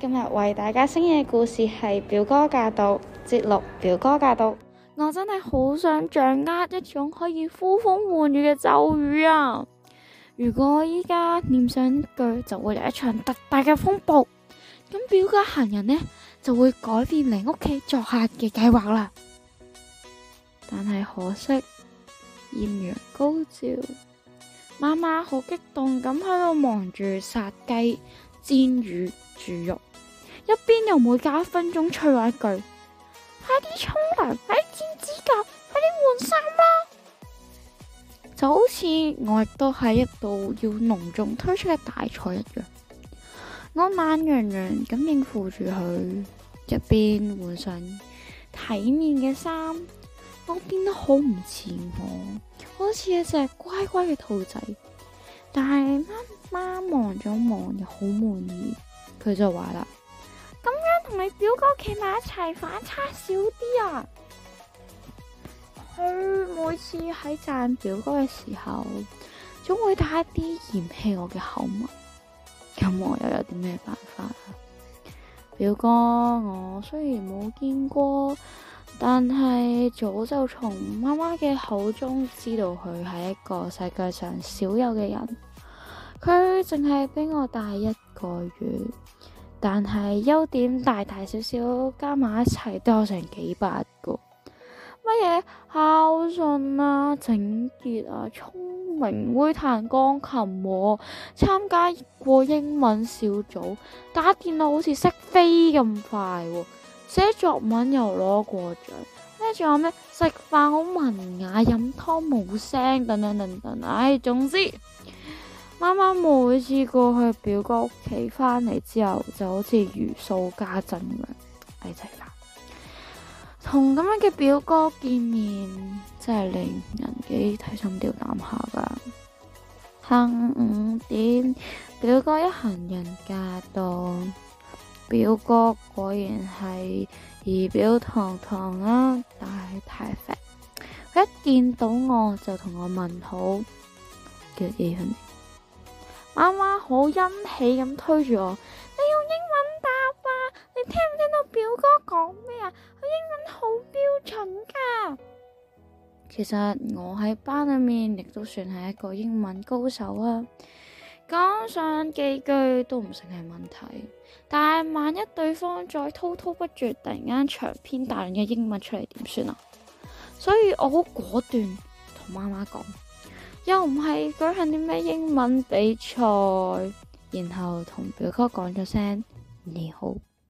今日為大家聲嘅故事係表哥駕到節錄，表哥駕到。我真係好想掌握一種可以呼風喚雨嘅咒語啊！如果我依家念上一句，就會有一場特大嘅風暴，咁表哥行人呢就會改變嚟屋企作客嘅計劃啦。但係可惜艷陽高照，媽媽好激動咁喺度忙住殺雞煎、煎魚、煮肉。一邊又每隔一分鐘催我一句：快啲沖涼、快啲剪指甲、快啲換衫啦！就好似我亦都喺一度要隆重推出嘅大賽一樣，我懶洋洋咁應付住佢，一邊換上體面嘅衫，我變得好唔似我，好似一隻乖乖嘅兔仔。但係媽媽望咗望又好滿意，佢就話啦。同你表哥企埋一齊，反差少啲啊！佢、哎、每次喺讚表哥嘅時候，總會帶一啲嫌棄我嘅口吻。咁我又有啲咩辦法、啊、表哥，我雖然冇見過，但係早就從媽媽嘅口中知道佢係一個世界上少有嘅人。佢淨係比我大一個月。但係優點大大小小加埋一齊都有成幾百個，乜嘢？孝順啊、整潔啊、聰明、啊、聰明會彈鋼琴、啊、參加過英文小組、打電腦好似識飛咁快、啊、寫作文又攞過獎，咩仲有咩？食飯好文雅、啊、飲湯冇聲，等等等等，唉，總之。等等等等媽媽每次過去表哥屋企返嚟之後，就好似如數家珍咁樣。你睇下，同咁樣嘅表哥見面真係令人幾提心吊膽下噶。下午五點，表哥一行人駕到，表哥果然係儀表堂堂啊，但係太肥。佢一見到我就同我問好，幾遠？阿媽好欣喜咁推住我，你用英文答啊！你聽唔聽到表哥講咩啊？佢英文好標準㗎。其實我喺班裏面亦都算係一個英文高手啊，講上幾句都唔成係問題。但係萬一對方再滔滔不絕，突然間長篇大論嘅英文出嚟，點算啊？所以我好果斷同媽媽講。又唔係舉行啲咩英文比賽，然後同表哥講咗聲你好。